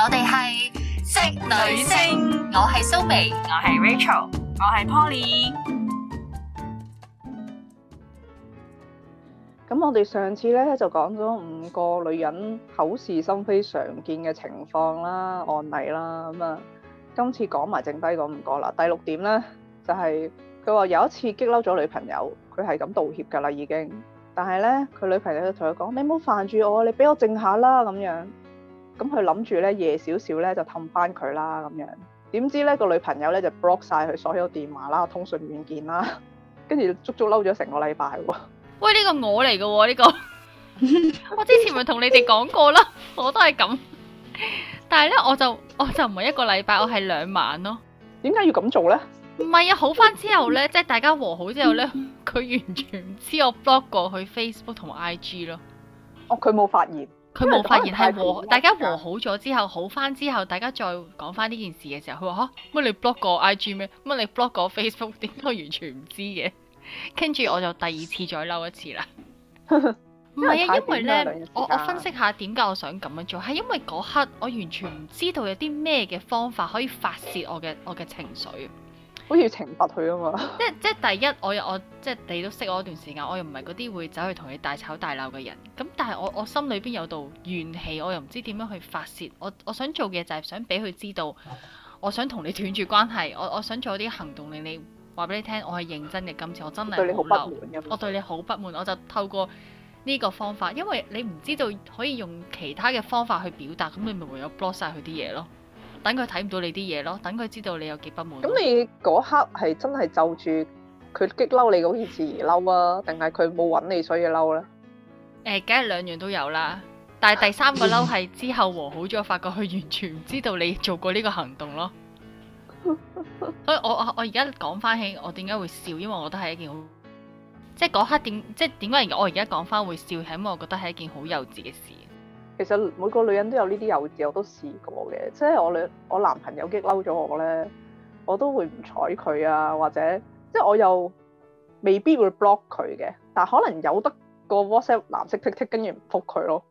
我哋係職女聲，我係蘇眉，我係 Rachel，我係 Poly。咁我哋上次咧就講咗五個女人口是心非常見嘅情況啦、案例啦。咁啊，今次講埋剩低嗰五個啦。第六點咧就係佢話有一次激嬲咗女朋友，佢係咁道歉噶啦，已經。但係咧，佢女朋友就同佢講：你唔好煩住我，你俾我靜下啦，咁樣。咁佢諗住咧夜少少咧就氹翻佢啦咁樣，點知咧個女朋友咧就 block 晒佢所有電話啦、通訊軟件啦，跟住足足嬲咗成個禮拜喎。喂，呢個我嚟噶喎呢個，我之前咪同你哋講過啦，我都係咁，但係咧我就我就唔係一個禮拜，我係兩晚咯。點解要咁做咧？唔係啊，好翻之後咧，即係大家和好之後咧，佢完全唔知我 block 過佢 Facebook 同 IG 咯。哦，佢冇發現。佢冇發現係和大家和好咗之後好翻之後，大家再講翻呢件事嘅時候，佢話吓，乜你 block 過我 IG 咩？乜你 block 過我 Facebook？點解我完全唔知嘅？跟 住我就第二次再嬲一次啦。唔係 啊，因為呢，我我分析下點解我想咁樣做，係 因為嗰刻我完全唔知道有啲咩嘅方法可以發泄我嘅我嘅情緒。好似懲罰佢啊嘛即！即即第一，我我即你都識我一段時間，我又唔係嗰啲會走去同你大吵大鬧嘅人。咁但係我我心裏邊有道怨氣，我又唔知點樣去發泄。我我想做嘅就係想俾佢知道，我想同你斷絕關係。我我想做一啲行動令你話俾你聽，我係認真嘅。今次我真係對你好不滿，我對你好不滿， 我就透過呢個方法，因為你唔知道可以用其他嘅方法去表達，咁你咪唯有 block 晒佢啲嘢咯。等佢睇唔到你啲嘢咯，等佢知道你有幾不滿。咁你嗰刻係真係就住佢激嬲你件事，好似自而嬲啊？定係佢冇搵你，所以嬲咧？誒、欸，梗係兩樣都有啦。但係第三個嬲係之後和好咗， 發覺佢完全唔知道你做過呢個行動咯。 所以我我我而家講返起我點解會笑，因為我覺得係一件好，即係嗰刻點，即係點解我而家講返會笑，係因為我覺得係一件好幼稚嘅事。其實每個女人都有呢啲幼稚，我都試過嘅。即係我女，我男朋友激嬲咗我咧，我都會唔睬佢啊，或者即係我又未必會 block 佢嘅，但可能有得個 WhatsApp 藍色 tick tick，跟住唔複佢咯。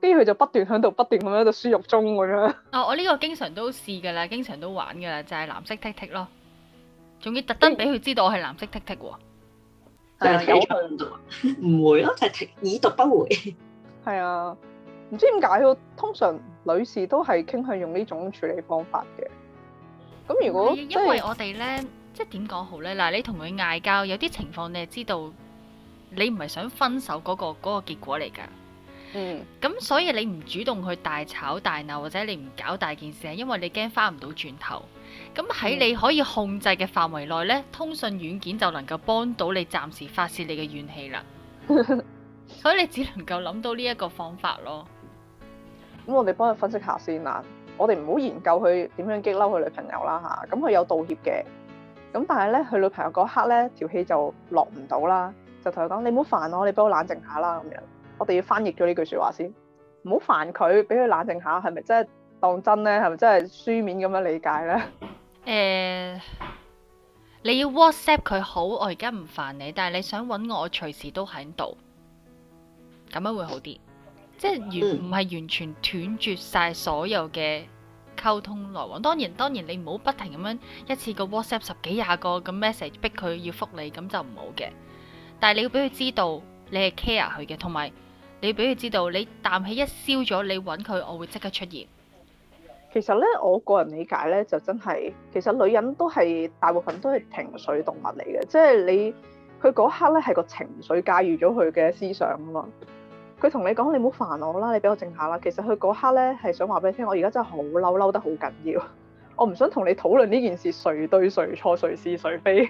跟住佢就不斷響度不斷咁樣度輸入中咁樣。啊、哦，我呢個經常都試噶啦，經常都玩噶啦，就係藍色 tick tick 咯，仲要特登俾佢知道、嗯、我係藍色 tick tick 喎。係睇錯咗，唔會咯，就係已讀不回。係啊。唔知點解咯，我通常女士都係傾向用呢種處理方法嘅。咁如果，因為我哋咧，即係點講好咧？嗱，你同佢嗌交，有啲情況你係知道，你唔係想分手嗰個嗰個結果嚟噶。嗯。咁所以你唔主動去大吵大鬧，或者你唔搞大件事，係因為你驚翻唔到轉頭。咁喺你可以控制嘅範圍內咧，嗯、通訊軟件就能夠幫到你暫時發洩你嘅怨氣啦。 所以你只能夠諗到呢一個方法咯。咁我哋幫佢分析下先啦。我哋唔好研究佢點樣激嬲佢女朋友啦嚇。咁、啊、佢有道歉嘅。咁、啊、但係咧，佢女朋友嗰刻咧，條氣就落唔到啦，就同佢講：你唔好煩我，啊，你幫我冷靜下啦咁樣。我哋要翻譯咗呢句説話先。唔好煩佢，俾佢冷靜下，係咪真係當真咧？係咪真係書面咁樣理解咧？誒，uh, 你要 WhatsApp 佢好，我而家唔煩你，但係你想揾我，我隨時都喺度，咁樣會好啲。即係唔係完全斷絕晒所有嘅溝通來往。當然，當然你唔好不停咁樣一次個 WhatsApp 十幾廿個咁 message 逼佢要覆你，咁就唔好嘅。但係你要俾佢知道你係 care 佢嘅，同埋你要俾佢知道你啖氣一燒咗，你揾佢我會即刻出現。其實呢，我個人理解呢，就真係，其實女人都係大部分都係情緒動物嚟嘅，即係你佢嗰刻呢係個情緒介入咗佢嘅思想啊嘛。佢同你講：你唔好煩我啦，你俾我靜下啦。其實佢嗰刻咧係想話俾你聽，我而家真係好嬲嬲得好緊要， 我唔想同你討論呢件事誰對誰錯誰是誰非。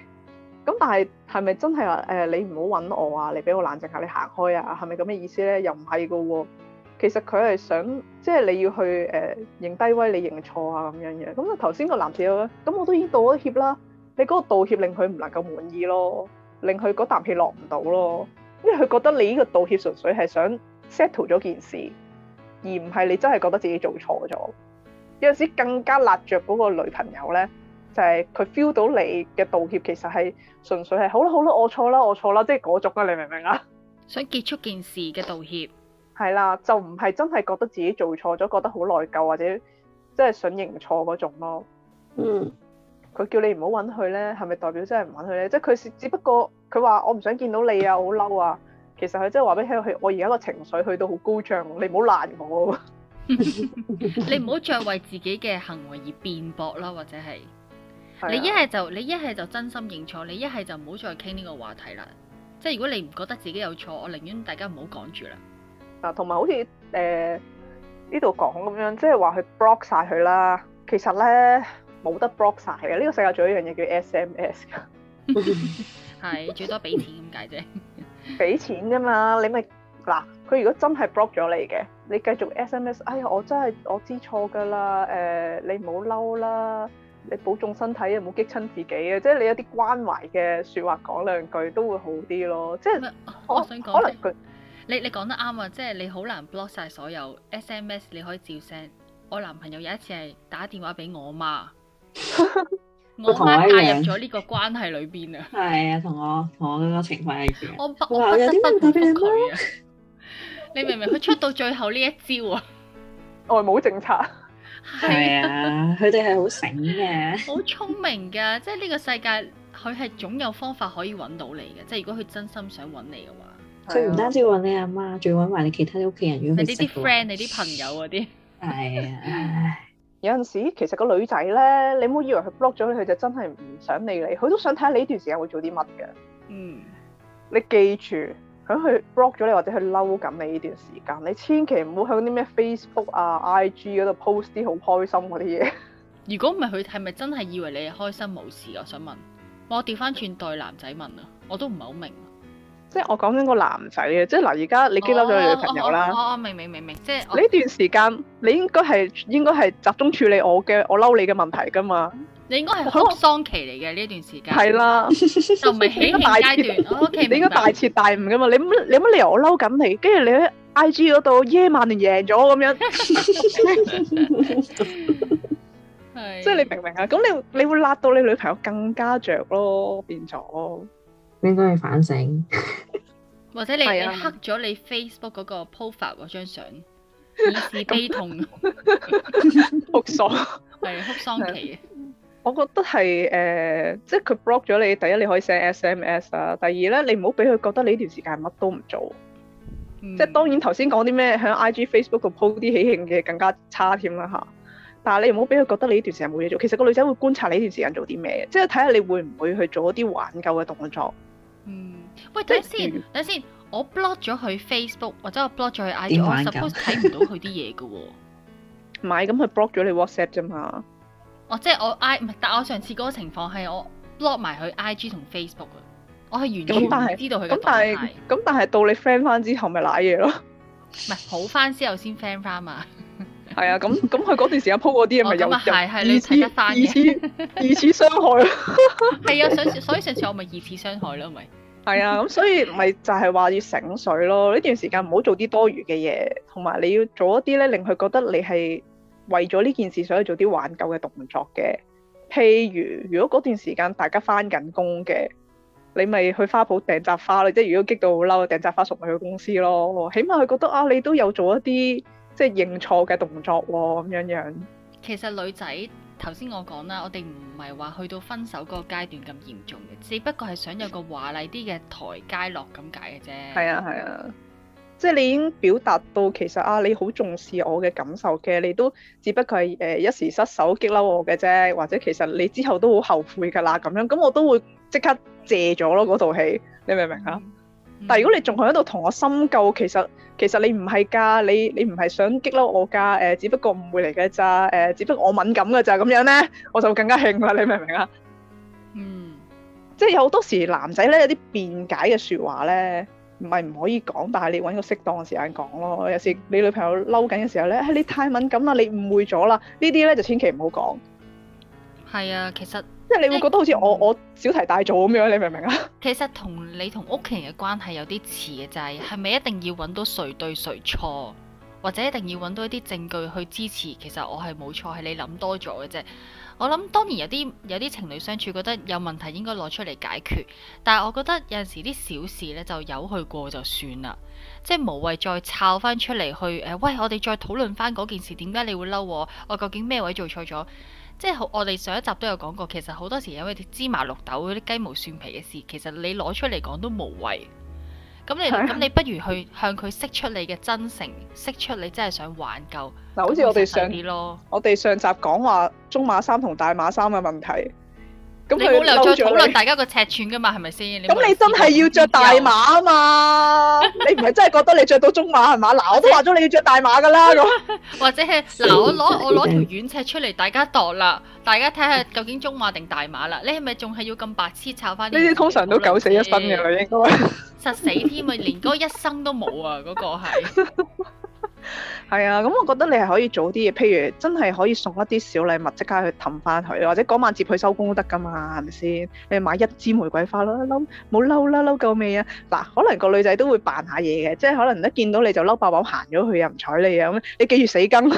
咁 但係係咪真係話誒你唔好搵我啊？你俾我冷靜下，你行開啊？係咪咁嘅意思咧？又唔係噶喎。其實佢係想即係你要去誒、呃、認低威，你認錯啊咁樣樣。咁頭先個男仔咧，咁我都已經道歉啦，你嗰個道歉令佢唔能夠滿意咯，令佢嗰啖氣落唔到咯。因為佢覺得你呢個道歉純粹係想 settle 咗件事，而唔係你真係覺得自己做錯咗。有陣時更加辣着嗰個女朋友呢，就係、是、佢 feel 到你嘅道歉其實係純粹係好啦好啦，我錯啦我錯啦，即係嗰種啊，你明唔明啊？想結束件事嘅道歉係啦，就唔係真係覺得自己做錯咗，覺得好內疚或者即係想認錯嗰種咯。嗯。佢叫你唔好揾佢咧，係咪代表真係唔揾佢咧？即係佢只不過佢話我唔想見到你啊，好嬲啊。其實佢真係話俾你聽佢，我而家個情緒去到好高漲，你唔好攔我。你唔好再為自己嘅行為而辯駁啦，或者係 你一係就你一係就真心認錯，你一係就唔好再傾呢個話題啦。即係如果你唔覺得自己有錯，我寧願大家唔好講住啦。啊，同埋好似誒呢度講咁樣，即係話佢 block 晒佢啦。其實咧。冇得 block 晒嘅，呢、這個世界仲有一樣嘢叫 SMS。係最多俾錢咁解啫，俾 錢啫嘛，你咪嗱佢如果真係 block 咗你嘅，你繼續 SMS。哎呀，我真係我知錯㗎啦，誒、呃、你唔好嬲啦，你保重身體啊，唔好激親自己啊，即、就、係、是、你有啲關懷嘅説話講兩句都會好啲咯。即、就、係、是、不我，我想講，可能佢你你講得啱啊，即、就、係、是、你好難 block 晒所有 SMS。你可以照 send。我男朋友有一次係打電話俾我媽。 我媽介入咗呢個關係裏邊啊，係啊，同我同我嗰個情況係一樣。我我不得不屈啊！你明唔明佢出到最後呢一招啊，外母政策係啊，佢哋係好醒嘅，好 聰 明噶，即係呢個世界佢係總有方法可以揾到你嘅，即係如果佢真心想揾你嘅話，佢唔單止揾你阿媽，仲 要揾埋你其他屋企人。你啲 friend、你啲朋友嗰啲係啊。 是啊 有陣時其實個女仔咧，你唔好以為佢 block 咗你，佢就真係唔想理你。佢都想睇下你呢段時間會做啲乜嘅。嗯，你記住，響佢 block 咗你或者佢嬲緊你呢段時間，你千祈唔好響啲咩 Facebook 啊、IG 嗰度 post 啲好開心嗰啲嘢。如果唔係，佢係咪真係以為你係開心冇事？我想問，我調翻轉對男仔問啊，我都唔係好明。即係我講緊個男仔嘅，即係嗱，而家你激嬲咗你女朋友啦。哦明明明明，即係。呢段時間你應該係應該係集中處理我嘅我嬲你嘅問題噶嘛？你應該係好喪期嚟嘅呢一段時間。係啦，就唔係起勁階段。你應該大徹大悟噶嘛？你乜你乜理由我嬲緊你？跟住你喺 IG 嗰度，耶、yeah！曼聯贏咗咁樣。係。 即 係你明唔明啊？咁你你會辣到你女朋友更加着咯，變咗。應該去反省， 或者你、啊、你黑咗你 Facebook 嗰個 profile 嗰張相，以示悲痛， 爽 哭喪係哭喪期。 我覺得係誒、呃，即係佢 block 咗你。第一，你可以 send SMS 啊。第二咧，你唔好俾佢覺得你呢段時間乜都唔做。嗯、即係當然頭先講啲咩響 IG、Facebook 度 po 啲喜慶嘅更加差添啦吓。但係你唔好俾佢覺得你呢段時間冇嘢做。其實個女仔會觀察你呢段時間做啲咩，即係睇下你會唔會去做一啲挽救嘅動作。嗯，喂，等下先，嗯、等下先，下我 block 咗佢 Facebook 或者我 block 咗佢 IG，我 suppose 睇唔到佢啲嘢噶喎。唔係咁佢 block 咗你 WhatsApp 啫嘛。哦，即係我 I 唔係，但係我上次嗰個情況係我 block 埋佢 IG 同 Facebook 啊，我係完全唔是知道佢咁樣。咁但係咁但係到你 friend 翻之後咪瀨嘢咯。唔係好翻之後先 friend 翻嘛。 係 啊，咁咁佢嗰段時間 po 嗰啲咪又又二次 二次二次傷害咯。係啊，上次所以上次我咪二次傷害咯，咪係啊，咁所以咪就係話要醒水咯。呢段時間唔好做啲多餘嘅嘢，同埋你要做一啲咧令佢覺得你係為咗呢件事想去做啲挽救嘅動作嘅。譬如如果嗰段時間大家翻緊工嘅，你咪去花舖訂紮花，你即係如果激到好嬲，訂紮花送埋去公司咯。起碼佢覺得啊，你都有做一啲。即係認錯嘅動作喎，咁樣樣。其實女仔頭先我講啦，我哋唔係話去到分手個階段咁嚴重嘅，只不過係想有個華麗啲嘅台階落咁解嘅啫。係 啊係啊，即係你已經表達到其實啊，你好重視我嘅感受嘅，你都只不過係誒、呃、一時失手激嬲我嘅啫，或者其實你之後都好後悔噶啦咁樣，咁我都會即刻借咗咯嗰套戲，你明唔明啊？嗯但如果你仲係喺度同我深究，其實其實你唔係㗎，你你唔係想激嬲我㗎，誒，只不過誤會嚟嘅咋，誒，只不過我敏感㗎咋，咁樣咧，我就更加興啦，你明唔明啊？嗯，即係有好多時男仔咧有啲辯解嘅説話咧，唔係唔可以講，但係你揾個適當嘅時間講咯。有時你女朋友嬲緊嘅時候咧，係你太敏感啦，你誤會咗啦，呢啲咧就千祈唔好講。係啊，其實。即係你會覺得好似我、欸、我小題大做咁樣，你明唔明啊？其實同你同屋企人嘅關係有啲似嘅，就係係咪一定要揾到誰對誰錯，或者一定要揾到一啲證據去支持？其實我係冇錯，係你諗多咗嘅啫。我諗當然有啲有啲情侶相處覺得有問題應該攞出嚟解決，但係我覺得有陣時啲小事呢，就有去過就算啦，即係無謂再炒翻出嚟去誒，喂我哋再討論翻嗰件事點解你會嬲我？我究竟咩位做錯咗？即係我，我哋上一集都有講過，其實好多時有啲芝麻綠豆嗰啲雞毛蒜皮嘅事，其實你攞出嚟講都無謂。咁你咁 你不如去向佢釋出你嘅真誠，釋出你真係想挽救。嗱，好似我哋上次咯，我哋上集講話中馬三同大馬三嘅問題。咁、嗯、你冇理由再討論大家個尺寸嘅嘛，係咪先？咁你，你真係要着大碼啊嘛？ 你唔係真係覺得你着到中碼係嘛？嗱，我都話咗你要着大碼噶啦咁。或者係嗱，我攞我攞條軟尺出嚟，大家度啦，大家睇下究竟中碼定大碼啦。你係咪仲係要咁白痴炒翻？呢啲通常都九死一生嘅啦， 應該。 實死添啊！連嗰一生都冇啊！嗰、嗰個係。 係啊，咁我覺得你係可以做啲嘢，譬如真係可以送一啲小禮物，即刻去氹翻佢，或者嗰晚接佢收工都得噶嘛，係咪先？你買一支玫瑰花啦，冇嬲啦，嬲夠未啊？嗱，可能個女仔都會扮下嘢嘅，即係可能一見到你就嬲爆爆行咗去又唔睬你啊，咁你記住死跟，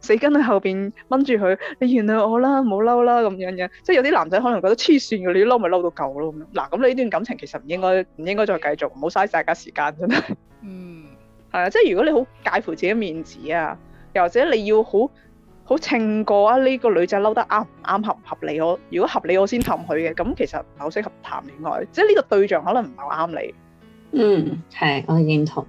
死跟喺後邊掹住佢，你原諒我啦，冇嬲啦，咁樣樣，即係有啲男仔可能覺得黐線嘅，你嬲咪嬲到夠咯，咁嗱，咁你呢段感情其實唔應該唔應該再繼續，唔好嘥晒大家時間，真係。嗯。係啊，即係如果你好介乎自己面子啊，又或者你要好好稱過啊，呢個女仔嬲得啱唔啱合唔合，合，合理？我如果合理我先氹佢嘅，咁其實唔係好適合談戀愛，即係呢個對象可能唔係好啱你。嗯，係，我認同。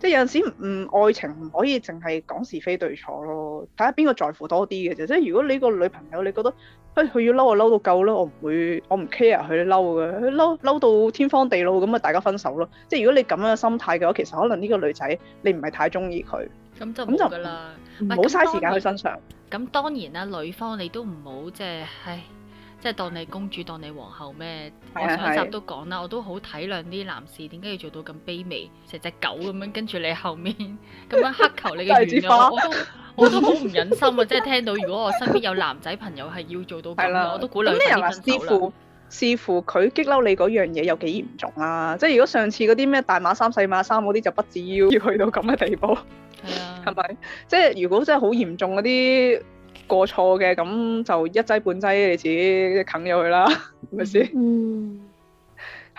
即係有陣時唔愛情唔可以淨係講是非對錯咯，睇下邊個在乎多啲嘅啫。即係如果你個女朋友你覺得，哎，佢要嬲我嬲到夠咯，我唔會我唔 care 佢嬲嘅，嬲嬲到天荒地老咁啊，大家分手咯。即係如果你咁樣嘅心態嘅話，其實可能呢個女仔你唔係太中意佢，咁就唔好啦，唔好嘥時間去身上。咁當然啦，女方你都唔好即係唉。即係當你公主當你皇后咩？的我上一集都講啦，我都好體諒啲男士點解要做到咁卑微，成隻狗咁樣跟住你後面咁樣乞求你嘅原諒，我都我都好唔忍心啊！ 即係聽到如果我身邊有男仔朋友係要做到咁，的我都鼓勵佢哋分手啦。視乎佢、啊、激嬲你嗰樣嘢有幾嚴重啊？即係如果上次嗰啲咩大碼衫、細碼衫嗰啲就不至於要，要去到咁嘅地步，係啊的，係咪？即係如果真係好嚴重嗰啲。過錯嘅，咁就一劑半劑你自己啃咗佢啦，係咪先？嗯，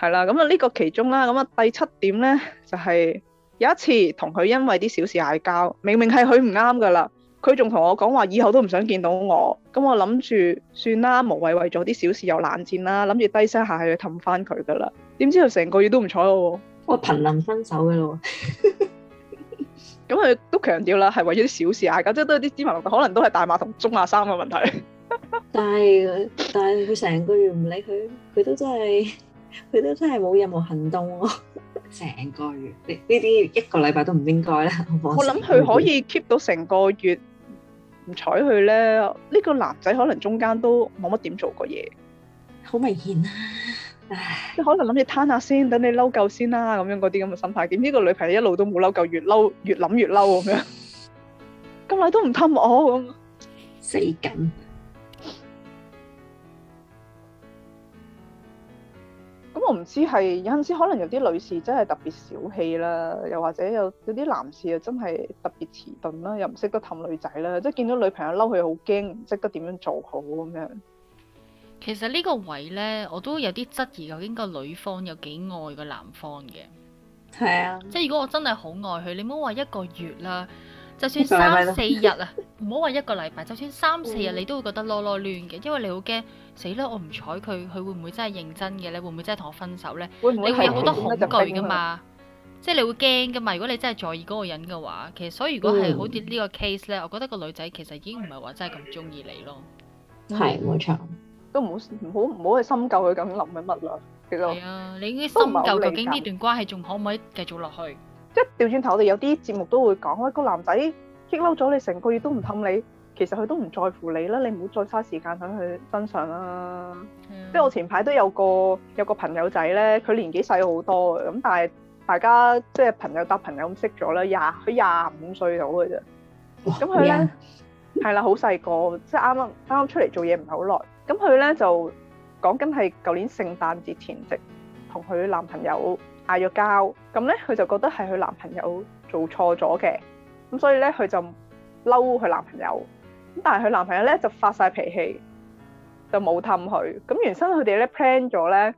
係啦， 咁啊呢個其中啦，咁啊第七點呢，就係、是、有一次同佢因為啲小事嗌交，明明係佢唔啱噶啦，佢仲同我講話，以後都唔想見到我，咁我諗住算啦，無謂為咗啲小事又冷戰啦，諗住低聲下氣去氹翻佢噶啦，點知佢成個月都唔睬我，我瀕臨分手嘅咯。 咁佢都強調啦，係為咗啲小事嗌交，即係都係啲芝麻落，可能都係大馬同中亞生嘅問題。但係，但係佢成個月唔理佢，佢都真係，佢都真係冇任何行動喎。成個月，呢呢啲一個禮拜都唔應該啦。我諗佢可以 keep 到成個月唔睬佢咧。呢個男仔可能中間都冇乜點做過嘢，好明顯啦。即可能諗住攤下先，等你嬲夠先啦，咁樣嗰啲咁嘅心態。點知個女朋友一路都冇嬲夠，越嬲越諗越嬲咁樣，咁你都唔氹我咁。死緊。咁、嗯、我唔知係有陣時可能有啲女士真係特別小氣啦，又或者有有啲男士又真係特別遲鈍啦，又唔識得氹女仔啦，即係見到女朋友嬲，佢好驚，唔識得點樣做好咁樣。其實呢個位呢，我都有啲質疑究竟個女方有幾愛個男方嘅。係啊，即係如果我真係好愛佢，你唔好話一個月啦，就算三四日啊，唔好話一個禮拜，就算三四日，嗯、你都會覺得囉囉攣嘅，因為你好驚死啦，我唔睬佢，佢會唔會真係認真嘅咧？你會唔會真係同我分手呢？會會你會有好多恐懼噶嘛？即係你會驚噶嘛？如果你真係在意嗰個人嘅話，其實所以如果係好似呢個 case 呢，我覺得個女仔其實已經唔係話真係咁中意你咯。係冇錯。都唔好唔好唔好去深究佢究竟諗緊乜啦，其實係啊，你已經深究究竟呢段關係仲可唔可以繼續落去？即係調轉頭，我哋有啲節目都會講，個男仔激嬲咗你成個月都唔氹你，其實佢都唔在乎你啦，你唔好再嘥時間喺佢身上啦。即係我前排都有個有個朋友仔咧，佢年紀細好多嘅，咁但係大家即係朋友搭朋友咁識咗啦，廿佢廿五歲到嘅啫，咁佢咧係啦，好細個，即係啱啱啱啱出嚟做嘢唔係好耐。咁佢咧就講緊係舊年聖誕節前夕，同佢男朋友嗌咗交。咁咧佢就覺得係佢男朋友做錯咗嘅，咁所以咧佢就嬲佢男朋友。咁但係佢男朋友咧就發曬脾氣，就冇氹佢。咁原生佢哋咧 plan 咗咧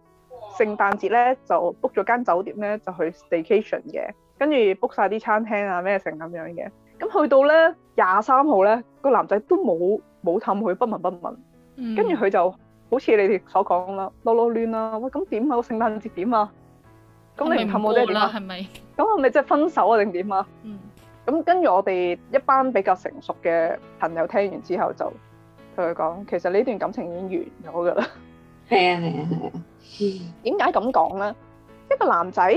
聖誕節咧就 book 咗間酒店咧就去 staycation 嘅，跟住 book 曬啲餐廳啊咩成咁樣嘅。咁去到咧廿三號咧個男仔都冇冇氹佢，不聞不問。跟住佢就好似你哋所講啦，囉囉攣啦，喂咁點啊？我聖誕節點啊？咁你唔氹我即係點啊？咁係咪即係分手啊？定點啊？咁跟住我哋一班比較成熟嘅朋友聽完之後就同佢講，其實呢段感情已經完咗㗎喇。係啊係啊係啊，點解咁講咧？一個男仔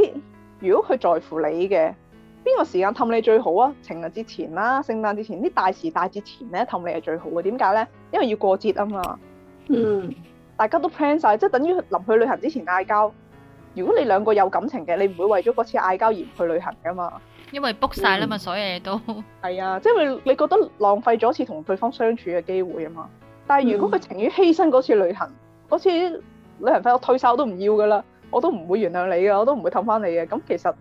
如果佢在乎你嘅。邊個時間氹你最好啊？情人節前啦、啊，聖誕之前，啲大時大節前咧氹你係最好嘅。點解咧？因為要過節啊嘛。嗯。大家都 plan 晒，即係等於臨去旅行之前嗌交。如果你兩個有感情嘅，你唔會為咗嗰次嗌交而唔去旅行噶嘛？因為 book 晒啦嘛，嗯、所有嘢都係啊，即係你你覺得浪費咗一次同對方相處嘅機會啊嘛。但係如果佢情願犧牲嗰次旅行，嗰次旅行費我退晒我都唔要噶啦，我都唔會原諒你噶，我都唔會氹翻你嘅。咁其實。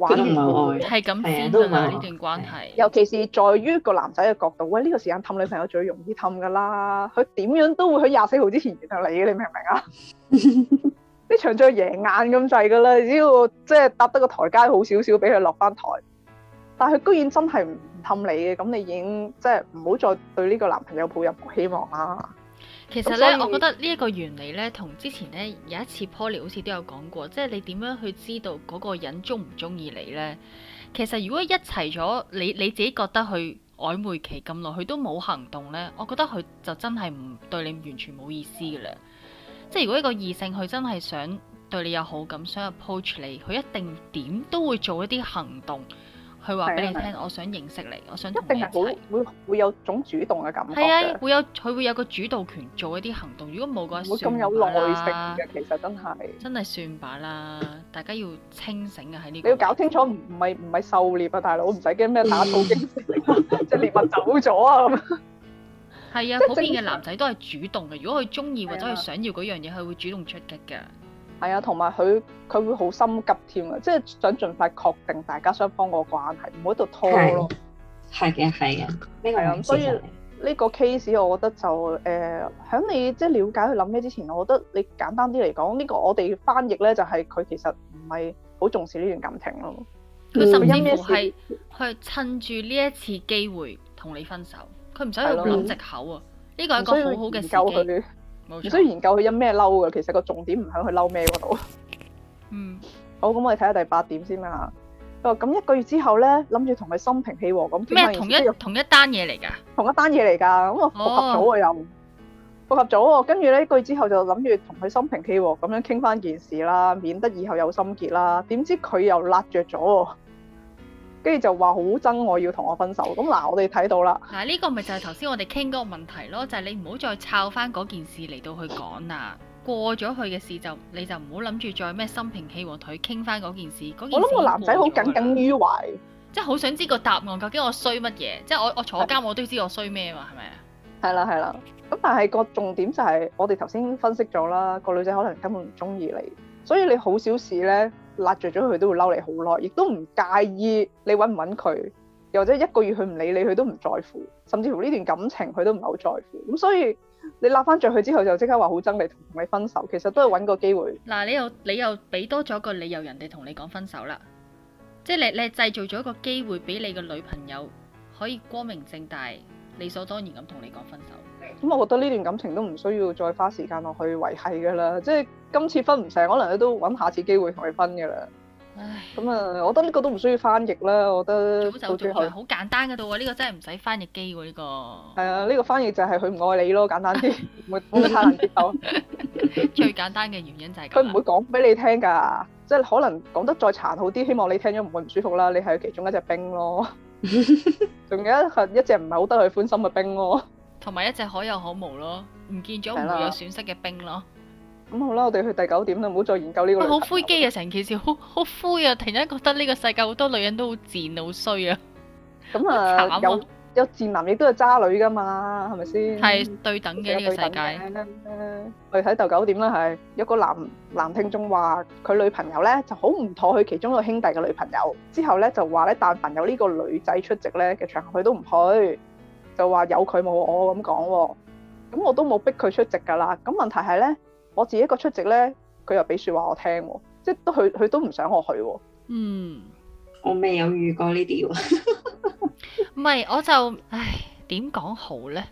玩唔耐，係咁先啊！呢段關係，嗯嗯、尤其是在於個男仔嘅角度，喂，呢、這個時間氹女朋友最容易氹噶啦，佢點樣都會喺廿四號之前原諒你嘅，你明唔明啊？呢 場再贏硬咁滯噶啦，只要即係搭得個台階好少少，俾佢落翻台。但係佢居然真係唔氹你嘅，咁你已經即係唔好再對呢個男朋友抱任何希望啦。其實咧，我覺得呢一個原理咧，同之前咧有一次 Poly 好似都有講過，即係你點樣去知道嗰個人鍾唔鍾意你呢？其實如果一齊咗，你你自己覺得佢曖昧期咁耐，佢都冇行動呢，我覺得佢就真係唔對你完全冇意思噶啦。即係如果一個異性佢真係想對你有好感，想 approach 你，佢一定點都會做一啲行動。佢話俾你聽，的我想認識你，我想同你一齊。會會有種主動嘅感覺嘅。係啊，會有佢會有個主導權做一啲行動。如果冇個，冇咁有耐性嘅，其實真係真係算罷啦。大家要清醒啊！喺呢度。你要搞清楚，唔唔係唔係狩獵啊，大佬唔使驚咩打草驚蛇，即係獵物走咗啊咁。係啊，普遍嘅男仔都係主動嘅。如果佢中意或者佢想要嗰樣嘢，佢的會主動出擊嘅。係啊，同埋佢佢會好心急添啊，即係想盡快確定大家雙方個關係，唔好喺度拖咯。係嘅，係嘅。係啊，所以呢個 case 我覺得就誒，喺你即係了解佢諗咩之前，我覺得你簡單啲嚟講，呢個我哋翻譯咧就係佢其實唔係好重視呢段感情咯。佢甚至乎係去趁住呢一次機會同你分手，佢唔想去諗藉口啊！呢個係一個好好嘅時機。唔需要研究佢因咩嬲嘅，其實個重點唔喺佢嬲咩嗰度。嗯，好，咁我哋睇下第八點先啦。佢話咁一個月之後咧，諗住同佢心平氣和咁傾翻，同一同一單嘢嚟噶，同一單嘢嚟噶。咁我復合咗，我又，哦，復合咗喎，跟住咧一個月之後就諗住同佢心平氣和咁樣傾翻件事啦，免得以後有心結啦。點知佢又辣着咗。跟住就話好憎我要同我分手咁，嗱，我哋睇到啦。嗱，呢個咪就係頭先我哋傾嗰個問題咯，就係、是、你唔好再摷返嗰件事嚟到佢講啦。過咗去嘅事就你就唔好諗住再咩心平氣和同佢傾翻嗰件事，件事我諗個男仔好耿耿於懷，即係好想知個答案，究竟我衰乜嘢？的即係我我坐監我都知我衰咩嘛？係咪啊？係啦係啦。咁但係個重點就係、是、我哋頭先分析咗啦，個女仔可能根本唔中意你，所以你好小事咧。賴着咗佢都會嬲你好耐，亦都唔介意你揾唔揾佢，又或者一個月佢唔理你，佢都唔在乎，甚至乎呢段感情佢都唔係好在乎。咁所以你拉翻着佢之後就即刻話好憎你，同你分手，其實都係揾個機會。嗱，你又你又俾多咗個理由，人哋同你講分手啦，即係你你製造咗一個機會俾你個女朋友可以光明正大、理所當然咁同你講分手。咁、嗯、我覺得呢段感情都唔需要再花時間落去維繫㗎啦，即係今次分唔成，可能你都揾下次機會同佢分㗎啦。咁啊唉、嗯嗯，我覺得呢個都唔需要翻譯啦，我覺得早就早。好簡單㗎，到、這、呢個真係唔使翻譯機喎，呢、這個。係啊，呢、這個翻譯就係佢唔愛你咯，簡單啲，唔 會太難接受。 最簡單嘅原因就係佢唔會講俾你聽㗎，即係可能講得再殘好啲，希望你聽咗唔會唔舒服啦。你係其中一隻兵咯，仲 有一隻唔係好得佢歡心嘅兵咯。同埋一隻可有可無咯，唔見咗唔會有損失嘅兵咯。咁、嗯嗯、好啦，我哋去第九點啦，唔好再研究呢個。好灰機啊，成件、啊、事好好灰啊！突然間覺得呢個世界好多女人都好賤，好衰啊！咁、嗯、啊，有有賤男亦都係渣女噶嘛，係咪先？係對等嘅呢個世界。我哋睇到九點啦，係有個男男聽眾話佢女朋友咧就好唔妥佢其中一個兄弟嘅女朋友，之後咧就話咧但凡有呢個女仔出席咧嘅場合，佢都唔去。就話有佢冇我咁講、哦，咁我都冇逼佢出席噶啦。咁問題係呢，我自己一個出席呢，佢又俾說話我聽，即係都佢佢都唔想我去、哦。嗯，我未有遇過呢啲，唔 係我就，唉，點講好呢？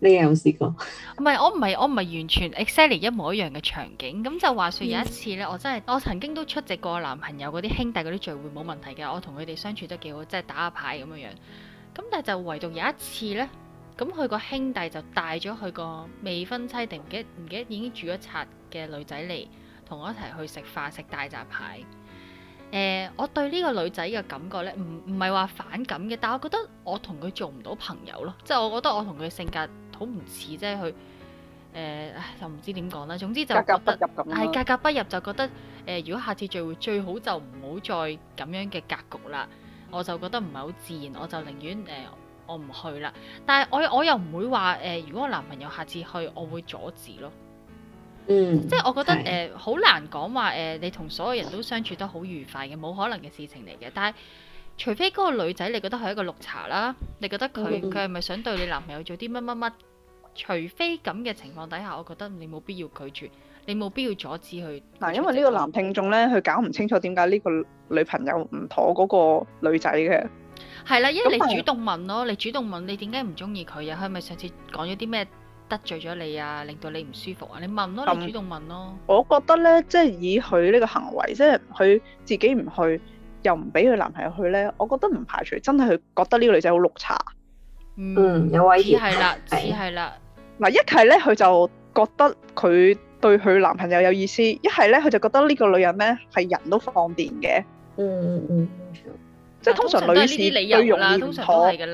你有試過？唔 係，我唔係，我唔係完全 exactly 一模一樣嘅場景。咁就話說有一次呢，嗯、我真係我曾經都出席過男朋友嗰啲兄弟嗰啲聚會冇問題嘅，我同佢哋相處得幾好，即係打下牌咁樣樣。咁但係就唯獨有一次呢，咁佢個兄弟就帶咗佢個未婚妻，定唔記得唔記得已經註咗冊嘅女仔嚟，同我一齊去食飯食大閘蟹。誒、呃，我對呢個女仔嘅感覺呢，唔唔係話反感嘅，但係我覺得我同佢做唔到朋友咯，即係我覺得我同佢性格好唔似，即係佢誒就唔知點講啦。總之就覺得係格格，格格不入，就覺得誒、呃，如果下次聚會最好就唔好再咁樣嘅格局啦。我就覺得唔係好自然，我就寧願誒、呃、我唔去啦。但係我我又唔會話誒、呃，如果我男朋友下次去，我會阻止咯。嗯，即係我覺得誒好係嘅、呃、難講話誒，你同所有人都相處得好愉快嘅冇可能嘅事情嚟嘅。但係除非嗰個女仔你覺得係一個綠茶啦，你覺得佢佢係咪想對你男朋友做啲乜乜乜？除非咁嘅情況底下，我覺得你冇必要拒絕。你冇必要阻止佢嗱，因為呢個男聽眾咧，佢搞唔清楚點解呢個女朋友唔妥嗰個女仔嘅係啦，因為你主動問咯，你主動問你點解唔中意佢啊？佢係咪上次講咗啲咩得罪咗你啊？令到你唔舒服啊？你問咯，你主動問咯。我覺得咧，即係以佢呢個行為，即係佢自己唔去，又唔俾佢男朋友去咧，我覺得唔排除真係佢覺得呢個女仔好綠茶。嗯，有位係啦，係啦嗱，一係咧佢就覺得佢。對佢男朋友有意思，一係咧佢就覺得呢個女人咧係人都放電嘅，嗯，嗯嗯嗯，即係通常女士常最容易唔妥，係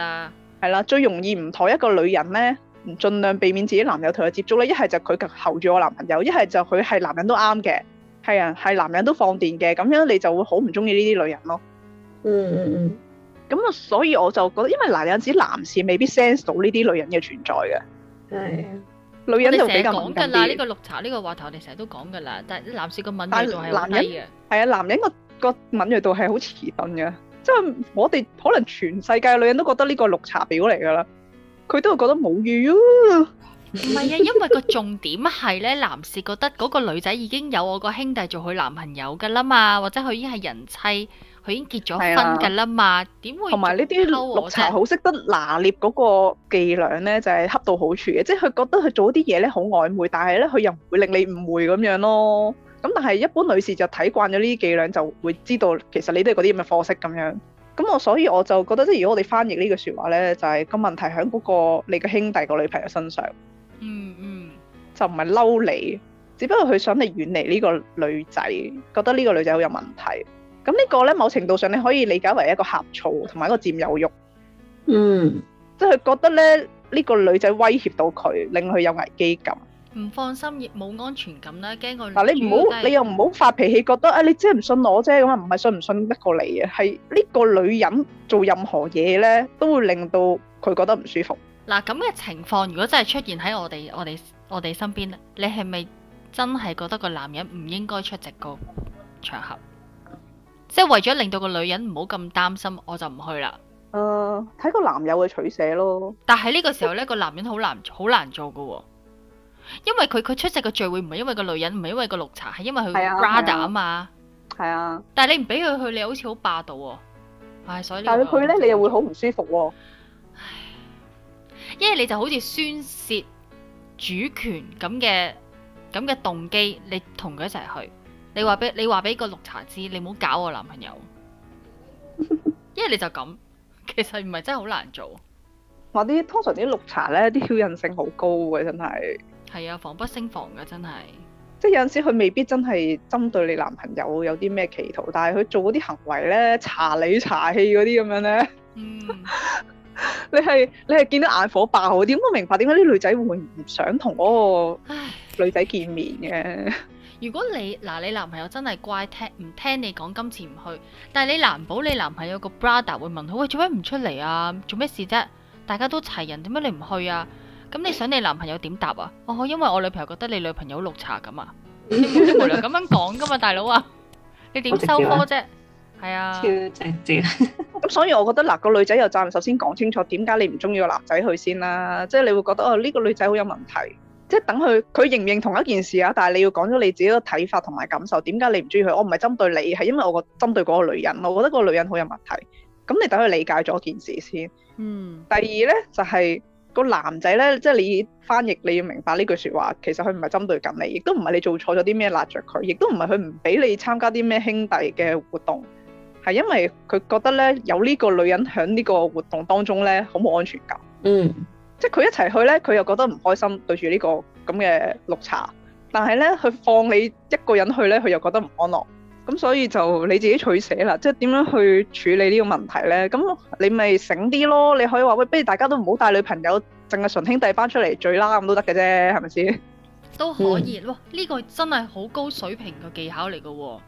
啦，最容易唔妥一個女人咧，唔盡量避免自己男友同佢接觸咧，一係就佢夾後住我男朋友，一係就佢係男人都啱嘅，係啊，係男人都放電嘅，咁樣你就會好唔中意呢啲女人咯，嗯嗯嗯，咁啊、嗯，所以我就覺得，因為男人陣時男士未必 sense 到呢啲女人嘅存在嘅，係、嗯。女人就比較敏感，呢、呢個綠茶呢個話題我哋成日都講噶啦，但係男士個敏，度係男人係啊，男人、嗰個個敏鋭度係好遲鈍嘅，即係我哋可能全世界女人都覺得呢個綠茶婊嚟㗎啦，佢都會覺得冇語啊。唔係啊，因為個重點係咧， 男士覺得嗰個女仔已經有我個兄弟做佢男朋友㗎啦嘛，或者佢已經係人妻。佢已經結咗婚㗎啦嘛，點會？同埋呢啲綠茶好識得拿捏嗰個伎倆咧，就係恰到好處嘅，即係佢覺得佢做啲嘢咧好曖昧，但係咧佢又唔會令你誤會咁樣咯。咁但係一般女士就睇慣咗呢啲伎倆，就會知道其實你都係嗰啲咁嘅貨色咁樣。咁我所以我就覺得，即係如果我哋翻譯呢句説話咧，就係個問題喺嗰個你嘅兄弟個女朋友身上。嗯嗯，就唔係嬲你，只不過佢想你遠離呢個女仔，覺得呢個女仔好有問題。咁呢個呢，某程度上你可以理解為一個呷醋同埋一個佔有慾，嗯，即係覺得呢呢個女仔威脅到佢，令佢有危機感，唔放心，冇安全感啦，驚個嗱，你唔好你又唔好發脾氣，覺得啊你真係唔信我啫，咁啊唔係信唔信得過你啊？係呢個女人做任何嘢呢，都會令到佢覺得唔舒服嗱。咁嘅情況如果真係出現喺我哋我哋我哋身邊，你係咪真係覺得個男人唔應該出席個場合？即係為咗令到個女人唔好咁擔心，我就唔去啦。誒，睇個男友嘅取捨咯。但係呢個時候呢 個男人好難好難做噶，哦，因為佢佢出席個聚會唔係因為個女人，唔係因為個綠茶，係因為佢 brother 啊嘛。係啊。啊啊但係你唔俾佢去，你好似好霸道喎，哦。唉、哎，所以但。但係佢去咧，你又會好唔舒服喎，哦。唉，因為你就好似宣泄主權咁嘅咁嘅動機，你同佢一齊去。你話俾你話俾個綠茶知，你唔好搞我男朋友， 因為你就咁，其實唔係真係好難做。話啲、啊、通常啲綠茶呢，啲挑釁性好高嘅，真係。係啊，防不勝防嘅，真係。即係有陣時佢未必真係針對你男朋友有啲咩企圖，但係佢做嗰啲行為呢，查你查氣嗰啲咁樣呢。嗯、 你係你係見到眼火爆，點都明白點解啲女仔會唔想同嗰個女仔見面嘅。唉 如果你嗱你男朋友真係乖聽，唔聽你講今次唔去，但係你難保你男朋友個 brother 會問佢喂，做咩唔出嚟啊？做咩事啫、啊？大家都齊人，點解你唔去啊？咁你想你男朋友點答啊？哦，因為我女朋友覺得你女朋友綠茶咁 啊！你冇資格咁樣講噶嘛，大佬啊！你點收科啫？係啊，超正咁、啊、 所以我覺得嗱，那個女仔又讚，首先講清楚點解你唔中意個男仔去先啦、啊，即、就、係、是、你會覺得哦呢、這個女仔好有問題。即係等佢，佢認唔認同一件事啊？但係你要講咗你自己個睇法同埋感受，點解你唔中意佢？我唔係針對你，係因為我個針對嗰個女人。我覺得嗰個女人好有問題。咁你等佢理解咗件事先。嗯。第二咧就係個男仔咧，即係你翻譯，你要明白呢句説話，其實佢唔係針對緊你，亦都唔係你做錯咗啲咩攔著佢，亦都唔係佢唔俾你參加啲咩兄弟嘅活動，係因為佢覺得咧有呢個女人喺呢個活動當中咧好冇安全感。嗯。即係佢一齊去呢，佢又覺得唔開心對住呢、呢個咁嘅綠茶。但係呢，佢放你一個人去呢，佢又覺得唔安樂。咁所以就你自己取捨啦。即係點樣去處理呢個問題呢？咁你咪醒啲咯。你可以話，喂，不如大家都唔好帶女朋友，淨係純兄弟班出嚟聚啦，咁都得嘅啫，係咪先？都可以喎。呢、嗯呢個真係好高水平嘅技巧嚟嘅喎。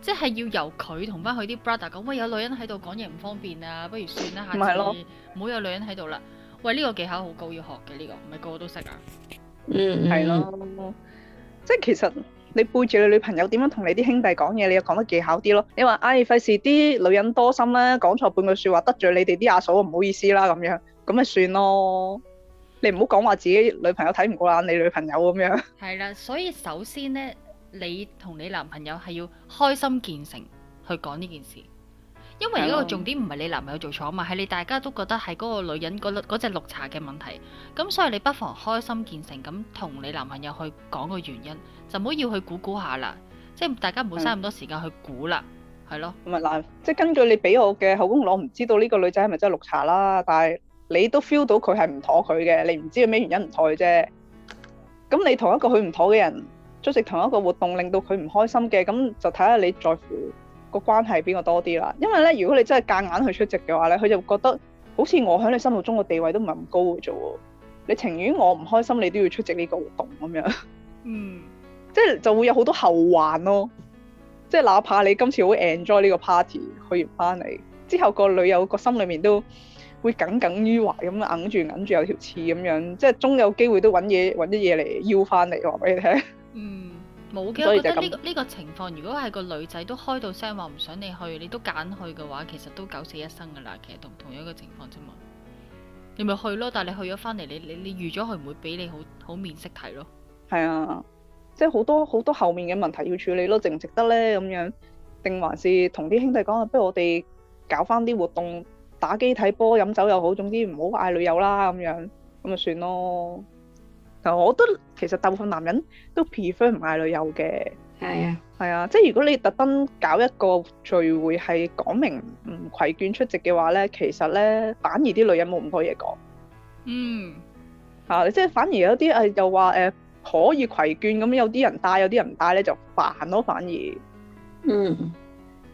即係要由佢同翻佢啲 brother 講，喂，有女人喺度講嘢唔方便啊，不如算啦，下次，係咯，唔好有女人喺度啦。喂，呢、這個技巧好高，要學嘅呢、這個，唔係個個都識啊。嗯，係 咯 即係其實你背住你女朋友點樣同你啲兄弟講嘢，你要講得技巧啲咯。你話唉，費事啲女人多心啦，講錯半句說話得罪你哋啲阿嫂，唔好意思啦咁樣，咁咪算咯。你唔好講話自己女朋友睇唔過眼，你女朋友咁樣。係啦，所以首先呢，你同你男朋友係要開心見誠去講呢件事。因為呢個重點唔係你男朋友做錯啊嘛，係你大家都覺得係嗰個女人嗰粒嗰隻綠茶嘅問題。咁所以你不妨開心見誠咁同你男朋友去講個原因，就唔好要去估估下啦。即係大家唔好嘥咁多時間去估啦。係咯，唔係，嗱。即係根據你俾我嘅口供，我唔知道呢個女仔係咪真係綠茶啦。但係你都 feel 到佢係唔妥佢嘅，你唔知有咩原因唔妥佢啫。咁你同一個佢唔妥嘅人，出席同一個活動令到佢唔開心嘅，咁就睇下你在乎個關係邊個多啲啦？因為咧，如果你真係夾硬去出席嘅話咧，佢就覺得好似我喺你心目中個地位都唔係咁高嘅啫喎。你情願我唔開心，你都要出席呢個活動咁樣。嗯。即係就會有好多後患咯。即係哪怕你今次好 enjoy 呢個 party，去完翻嚟之後，個女友個心裡面都會耿耿於懷咁樣，揞住揞住有條刺咁樣。即係終有機會都揾嘢揾啲嘢嚟要翻嚟話俾你聽。嗯。冇嘅，我覺得呢個呢個情況，如果係個女仔都開到聲話唔想你去，你都揀去嘅話，其實都九死一生噶啦。其實同同樣一個情況啫嘛，你咪去咯。但係你去咗翻嚟，你你你預咗佢唔會俾你好好面色睇咯。係啊，即係好多好多後面嘅問題要處理咯，值唔值得呢？咁樣。定還是同啲兄弟講啊？不如我哋搞翻啲活動，打機睇波飲酒又好，總之唔好嗌女友啦咁樣，咁就算咯。我覺得其實大部分男人都 prefer 唔嗌女友嘅，係啊 Yeah.、嗯，係啊，即係如果你特登搞一個聚會係講明唔攜眷出席嘅話咧，其實咧反而啲女人冇咁多嘢講，嗯，嚇，即係反而有啲誒又話誒、呃、可以攜眷咁，有啲人帶有啲人唔帶咧就煩咯，反而，嗯，mm。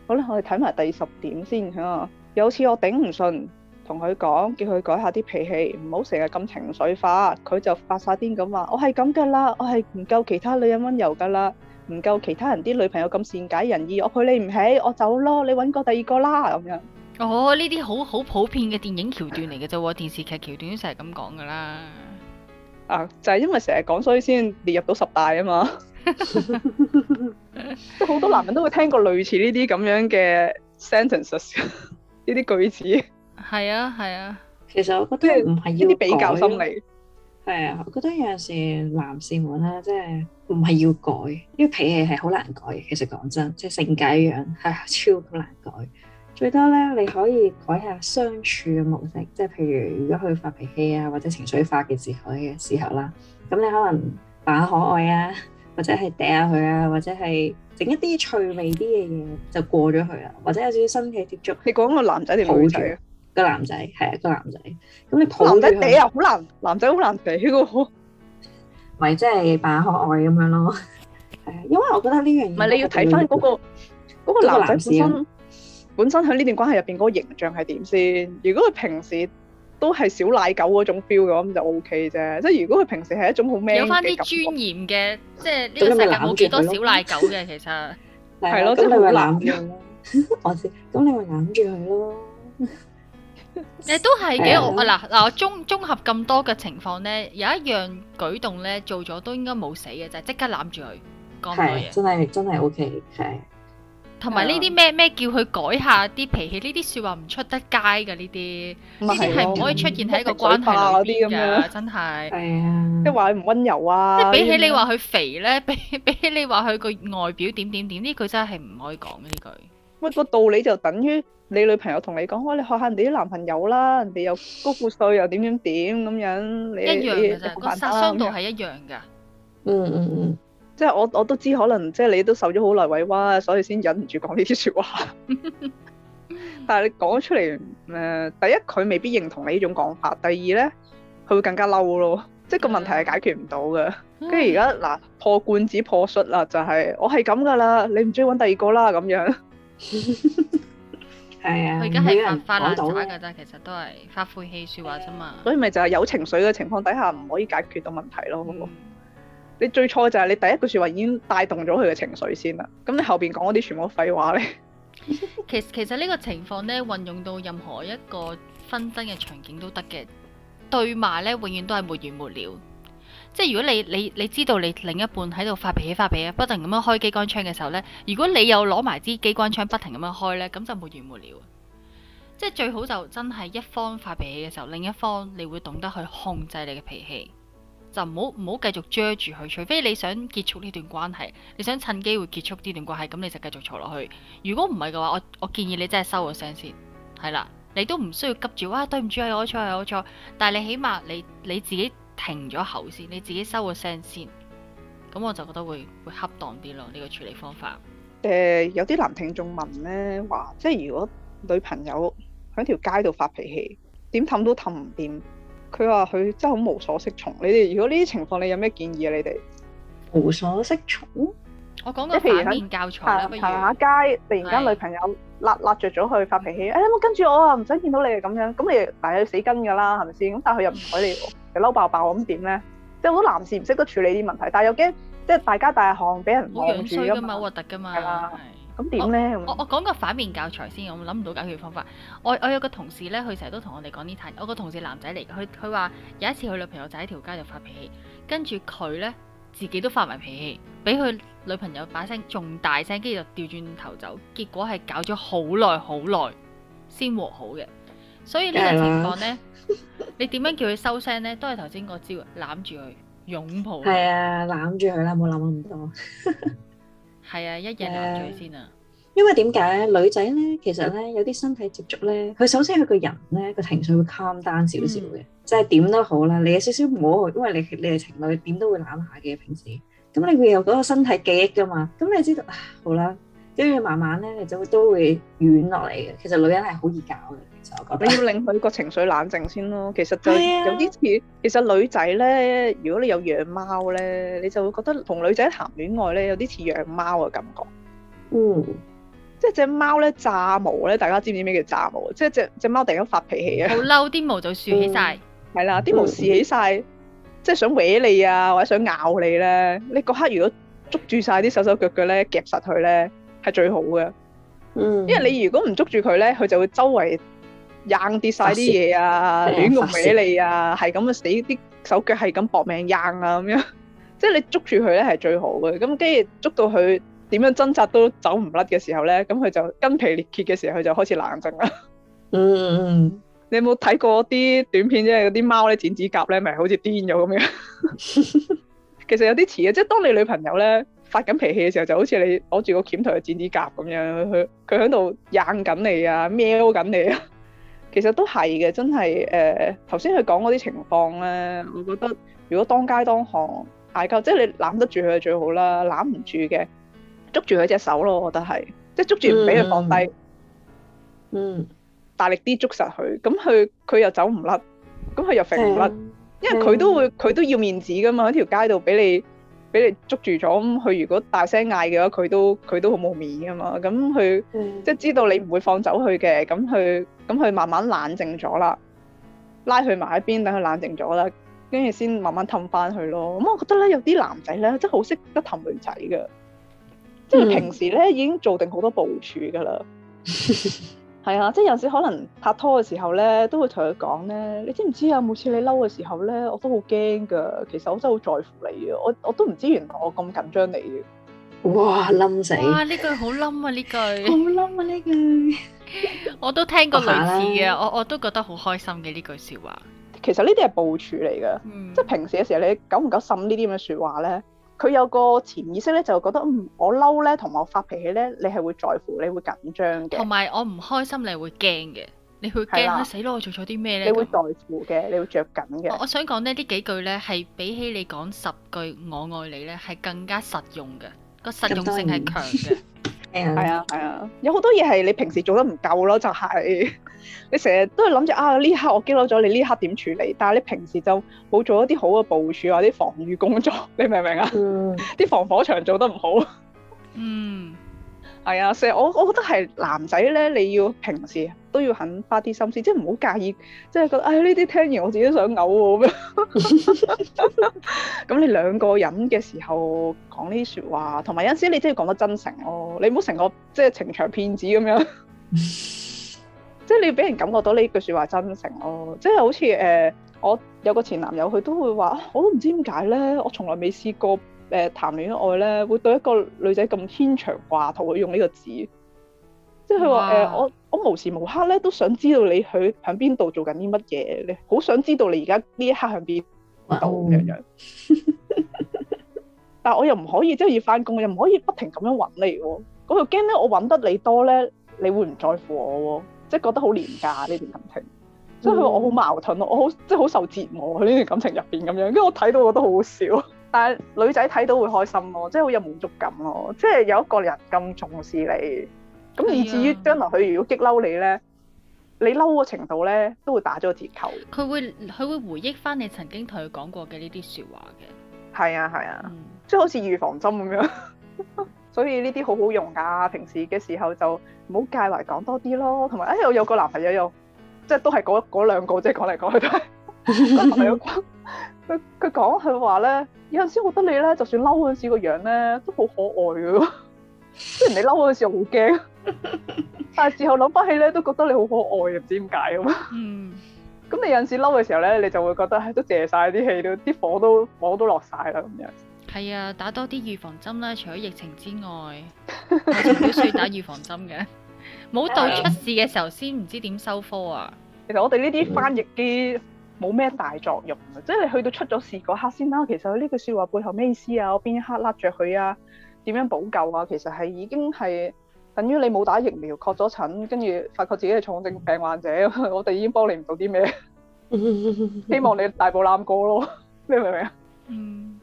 好啦，我哋睇埋第十點先嚇、啊，有次我頂唔順。同佢講，叫佢改下啲脾氣，唔好成日咁情緒化。佢就發晒癲咁話：我係咁噶啦，我係唔夠其他女人温柔噶啦，唔夠其他人啲女朋友咁善解人意。我陪你唔起，我走咯，你搵個第二個啦咁樣。哦，呢啲好好普遍嘅電影橋段嚟嘅啫喎，電視劇橋段都成日咁講噶啦。啊，就係因為成日講，所以先列入到十大啊嘛。即係好多男人都會聽過類似呢啲咁樣嘅 sentences，呢啲句子。係啊係啊，啊其實我覺得唔係要啲比較心理，係啊，我覺得有陣時男士們咧，即係唔係要改，因為脾氣係好難改。其實講真，即係性格一樣係，啊、超難改。最多咧，你可以改下相處嘅模式，即係譬如如果佢發脾氣啊，或者情緒化嘅時候嘅時候啦，咁你可能扮下可愛啊，或者係嗲下佢啊，或者係整一啲趣味啲嘅嘢就過咗去啦，或者有少少身體接觸。你講個男仔點冇趣？個男仔係啊，個男仔咁，你男仔嗲又好難，男仔好難嗲噶，咪即係扮可愛咁樣咯。係啊，因為我覺得呢樣唔係，你要睇翻嗰個嗰個男仔本身本身喺呢段關係入邊嗰個形象係點先。如果佢平時都係小奶狗嗰種 feel 嘅話，咁就 O K 啫。即係如果佢平時係一種好咩有翻啲尊嚴嘅，即係呢個世界冇幾多小奶狗嘅，其實係咯，咁你咪攬住佢咯。我知，咁你咪攬住佢咯。誒，都係嘅。嗱嗱，綜綜合咁多嘅情況咧，有一樣舉動咧做咗都應該冇死嘅，就係即刻攬住佢，講乜嘢？真係真係 OK，係。同埋呢啲咩咩叫佢改下啲脾氣？呢啲說話唔出得街㗎呢啲，呢啲係唔可以出現喺一個關係裏邊嘅，真係。係啊，即係話佢唔溫柔啊！即係比起你話佢肥咧，比比起你話佢個外表點點點，呢句真係唔可以講呢句。乜個道理就等於你女朋友同你講，喂你學下人哋啲男朋友啦，人哋又高富帥又點點點咁樣，你一樣啦，個殺傷度係一樣噶。嗯嗯嗯，即係我我都知，可能即係你都受咗好耐委屈，所以先忍唔住講呢啲說話。但係你講出嚟，誒，第一佢未必認同你呢種講法，第二咧佢會更加嬲咯，即係個問題係解決唔到噶。跟住而家嗱破罐子破摔啦，就係我係咁噶啦，你唔中意搵第二個啦咁樣。係啊，佢而家係發發爛渣噶，但其實都係發晦氣說話啫嘛。所以咪就係有情緒嘅情況底下唔可以解決到問題咯。好冇，你最錯就係你第一句說話已經帶動咗佢嘅情緒先啦。咁你後邊講嗰啲全部廢話咧 。其其實呢個情況咧，運用到任何一個紛爭嘅場景都得嘅。對埋咧，永遠都係沒完沒了。即係如果你你你知道你另一半喺度發脾氣發脾氣，不停咁樣開機關槍嘅時候呢，如果你又攞埋支機關槍不停咁樣開呢，咁就沒完沒了。即係最好就真係一方發脾氣嘅時候，另一方你會懂得去控制你嘅脾氣，就唔好唔好繼續遮住佢。除非你想結束呢段關係，你想趁機會結束呢段關係，咁你就繼續嘈落去。如果唔係嘅話，我我建議你真係收咗聲先。係啦，你都唔需要急住話，對唔住係我錯係我錯，但係你起碼你你自己。停咗口先，你自己收個聲先。咁我就覺得會會恰當啲咯。呢、呢個處理方法誒、uh, 有啲男聽眾問咧，話即係如果女朋友喺條街度發脾氣，點氹都氹唔掂。佢話佢真係好無所適從。你哋如果呢啲情況，你有咩建議啊？你哋無所適從，我講到譬如喺教場行下街，突然間女朋友辣辣着咗佢發脾氣，誒是、哎、你冇跟住我啊，唔想見到你咁樣，咁你大係死跟㗎啦，係咪先咁？但係佢又唔睬你嬲爆爆咁點咧？即係好多男士唔識得處理啲問題，但係又驚，即係大家大汗，俾人望住咁，好樣衰噶嘛，好核突噶嘛，係啦。咁點咧？咁、嗯、我講、嗯、個反面教材先，我諗唔到解決方法。我我有個同事咧，佢成日都同我哋講呢嘆。我個同事男仔嚟，佢佢話有一次佢女朋友條就喺條街度發脾氣，跟住佢咧自己都發埋脾氣，俾佢女朋友把聲仲大聲，跟住就調轉頭走，結果係搞咗好耐好耐先和好嘅。所以況呢個情況咧。你點樣叫佢收聲咧？都係頭先嗰招攬住佢擁抱。係啊，攬住佢啦，冇諗咁多。係啊，一嘢攬住先啊。因為點解女仔咧，其實咧有啲身體接觸咧，佢首先佢個人咧個情緒會 down 單少少嘅，即係點都好啦。你有少少摸佢，因為你你哋情侶點都會攬下嘅，平時。咁你會有嗰個身體記憶噶嘛？咁你知道，好啦，跟住慢慢咧，你就會都會軟落嚟嘅。其實女人係好易搞嘅。你要令佢個情緒冷靜先咯，其實就有啲似，其實女仔咧，如果你有養貓咧，你就會覺得同女仔談戀愛咧有啲似養貓嘅感覺。嗯，即係隻貓咧炸毛咧，大家知唔知咩叫炸毛？即係只隻貓突然間發脾氣啊！好嬲，啲毛就豎起晒。係啦，啲毛豎起晒，即係想搲你啊，或者想咬你咧。你嗰刻如果捉住晒啲手手腳腳咧，夾實佢咧係最好嘅。嗯，因為你如果唔捉住佢咧，佢就會周圍。扔跌曬啲嘢啊，亂咁撲你啊，係咁啊，死啲手腳，係咁搏命扔啊咁樣，即係你捉住佢咧係最好嘅。咁跟住捉到佢點樣掙扎都走唔甩嘅時候咧，咁佢就筋疲力竭嘅時候，佢就開始冷靜啦。嗯，你有冇睇過啲短片即係嗰啲貓咧剪指甲咧，咪好似癲咗咁樣？其實有啲似嘅，即係當你女朋友咧發緊脾氣嘅時候，就好似你攞住個鉗頭去剪指甲咁樣，佢佢喺度扔緊你啊，喵緊你啊！其實都係嘅，真係誒頭先佢講嗰啲情況咧，我覺得如果當街當巷嗌交，即係你攬得住佢係最好啦，攬唔住嘅，捉住佢隻手咯，我覺得係，即係捉住唔俾佢放低，嗯，大力啲捉實佢，咁佢佢又走唔甩，咁佢又甩唔甩，因為佢都會佢都要面子㗎嘛，喺條街度俾你，俾你捉住咗，咁佢如果大聲嗌嘅話，佢都佢都好冇面噶嘛。咁佢、嗯、即係知道你唔會放走佢嘅，咁佢咁佢慢慢冷靜咗啦，拉佢埋一邊等佢冷靜咗啦，跟住先慢慢氹翻佢咯。咁我覺得咧，有啲男仔咧，真係好識得氹女仔噶，嗯、即係平時咧已經做定好多部署噶啦。嗯 係啊，即係有時可能拍拖嘅時候咧，都會同佢講咧，你知唔知啊？每次你嬲嘅時候咧，我都好驚噶。其實我真係好在乎你嘅，我我都唔知原來我咁緊張你嘅。哇，冧死！哇，呢句好冧啊，呢句好冧啊，呢句 我都聽過類似嘅， 我我都覺得好開心嘅呢句說話。其實呢啲係部署嚟嘅，嗯、即係平時嘅時候你夠唔夠滲呢啲咁嘅說話咧？佢有個潛意識咧，就覺得嗯，我嬲咧，同埋我發脾氣咧，你係會在乎，你會緊張嘅。同埋我唔開心，你會驚嘅，你會驚的啊！死咯，我做咗啲咩咧？你會在乎嘅，你會着緊嘅。我想講咧，呢幾句咧，係比起你講十句我愛你咧，係更加實用嘅，個實用性係強嘅。係啊、 嗯，係啊，有好多嘢係你平時做得唔夠咯，就係、是。你成日都係諗住啊，呢刻我激嬲咗你，呢刻點處理，但係你平時就冇做一啲好嘅部署或者啲防禦工作，你明唔明啊？啲、mm. 防火牆做得唔好。嗯、mm.，係啊，成日我我覺得係男仔咧，你要平時都要肯花啲心思，即係唔好介意，即、就、係、是、覺得唉呢啲聽完我自己都想嘔咁樣。咁 你兩個人嘅時候講呢啲說話，同埋有陣時你真係要講得真誠咯，你唔好成個即係、就是、情場騙子咁樣。Mm. 即係你要俾人感覺到呢句説話真誠咯、哦，即係好似誒、呃，我有個前男友，佢都會話，我都唔知點解咧，我從來未試過誒、呃、談戀愛咧，會對一個女仔咁牽腸掛肚。用呢個字，即係佢話誒，我我無時無刻咧都想知道你去喺邊度做緊啲乜嘢，你好想知道你而家呢一刻喺邊度咁樣樣。哇 但係我又唔可以，即係要翻工，又唔可以不停咁樣揾你喎、哦。又我又驚咧，我揾得你多咧，你會唔在乎我喎、哦？即係覺得好廉價呢段感情，所以佢話我好矛盾咯，我好即係好受折磨喺呢段感情入邊咁樣。跟住我睇到我覺得好好笑， 但係女仔睇到會開心咯，即係好有滿足感咯。即係有一個人咁重視你，咁以至於將來佢如果激嬲你咧， 你嬲嘅程度咧都會打咗個折扣。佢會佢會回憶翻你曾經同佢講過嘅呢啲説話嘅，係啊係啊，即係好似預防針咁樣。所以呢啲好好用噶，平時嘅時候就唔好介懷，講多啲咯。同埋，哎，我有個男朋友又即係都係嗰嗰兩個，即係講嚟講去都係。個男朋友講佢佢講佢話咧，有陣時我覺得你咧，就算嬲嗰陣時個樣咧都好可愛嘅咯。即係你嬲嗰陣時好驚，但係之後諗翻起咧，都覺得你好可愛，唔知點解吖嘛。嗯。咁你有陣時嬲嘅時候咧，你就會覺得都謝曬啲氣，都啲火都火都落曬啦咁樣。係啊，打多啲預防針啦！除咗疫情之外，我都算打預防針嘅。冇 到出事嘅時候，先唔知點收科啊！其實我哋呢啲翻譯機冇咩大作用，即係你去到出咗事嗰刻先啦、啊。其實呢句説話背後咩意思啊？我邊一刻攬着佢啊？點樣補救啊？其實係已經係等於你冇打疫苗、確咗診，跟住發覺自己係重症病患者， 我哋已經幫你唔到啲咩。希望你大步攬過咯！你明唔明啊？嗯。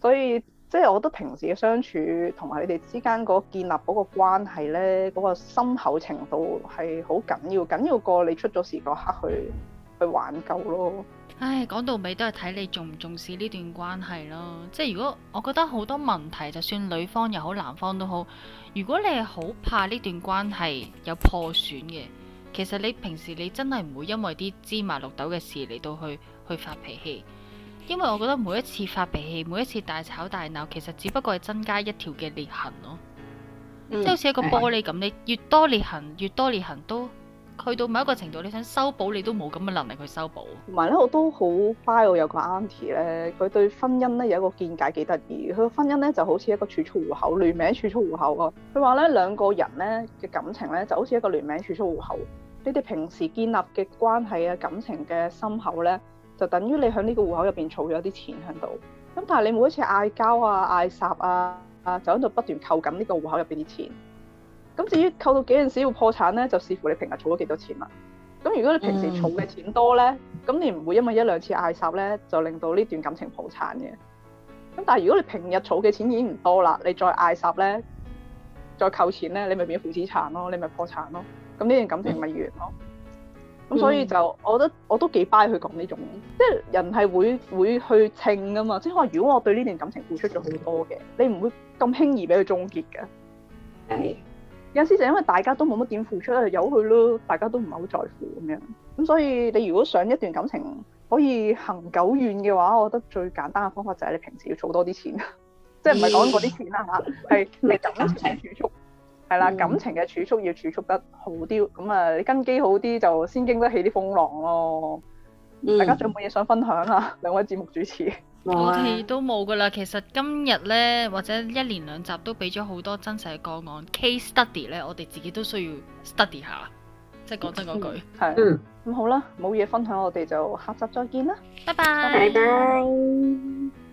所以即係我覺得平時嘅相處同埋你哋之間嗰建立嗰個關係呢，嗰個深厚程度係好緊要，緊要過你出咗事嗰刻去去挽救咯。唉，講到尾都係睇你重唔重視呢段關係咯。即係如果我覺得好多問題，就算女方又好男方都好，如果你係好怕呢段關係有破損嘅，其實你平時你真係唔會因為啲芝麻綠豆嘅事嚟到去去發脾氣。因為我覺得每一次發脾氣，每一次大吵大鬧，其實只不過係增加一條嘅裂痕咯，即係好似一個玻璃咁，嗯、你越多裂痕，越多裂痕都去到某一個程度，你想修補你都冇咁嘅能力去修補。同埋咧，我都好 fire 有個 auntie 咧，佢對婚姻咧有一個見解幾得意。佢個婚姻咧就好似一個儲蓄戶口，聯名儲蓄戶口咯。佢話咧兩個人咧嘅感情咧就好似一個聯名儲蓄戶口，你哋平時建立嘅關係啊、感情嘅深厚咧。就等於你喺呢個戶口入邊儲咗啲錢喺度，咁但係你每一次嗌交啊、嗌霎啊，就喺度不斷扣緊呢個戶口入邊啲錢。咁至於扣到幾陣時要破產咧，就視乎你平日儲咗幾多錢啦。咁如果你平時儲嘅錢多咧，咁你唔會因為一兩次嗌霎咧就令到呢段感情破產嘅。咁但係如果你平日儲嘅錢已經唔多啦，你再嗌霎咧，再扣錢咧，你咪變咗負資產咯，你咪破產咯。咁呢段感情咪完咯。咁、嗯、 所以就，我覺得我都幾 buy 佢講呢種，即係人係會會去稱㗎嘛，即係可能如果我對呢段感情付出咗好多嘅，你唔會咁輕易俾佢終結嘅。係。有時就因為大家都冇乜點付出，由佢咯，大家都唔係好在乎咁樣。咁所以你如果想一段感情可以行久遠嘅話，我覺得最簡單嘅方法就係你平時要儲多啲錢，即係唔係講嗰啲錢啦嚇，係你等住。係啦，嗯、感情嘅儲蓄要儲蓄得好啲，咁啊，你根基好啲就先經得起啲風浪咯。嗯、大家仲有冇嘢想分享啊？兩位節目主持，嗯、 我哋都冇噶啦。其實今日呢，或者一連兩集都俾咗好多真實嘅個案 case study 呢，我哋自己都需要 study 下，即係講真嗰句。係、嗯，咁、嗯、 好啦，冇嘢分享，我哋就下集再見啦。拜拜。Bye bye bye. Bye bye.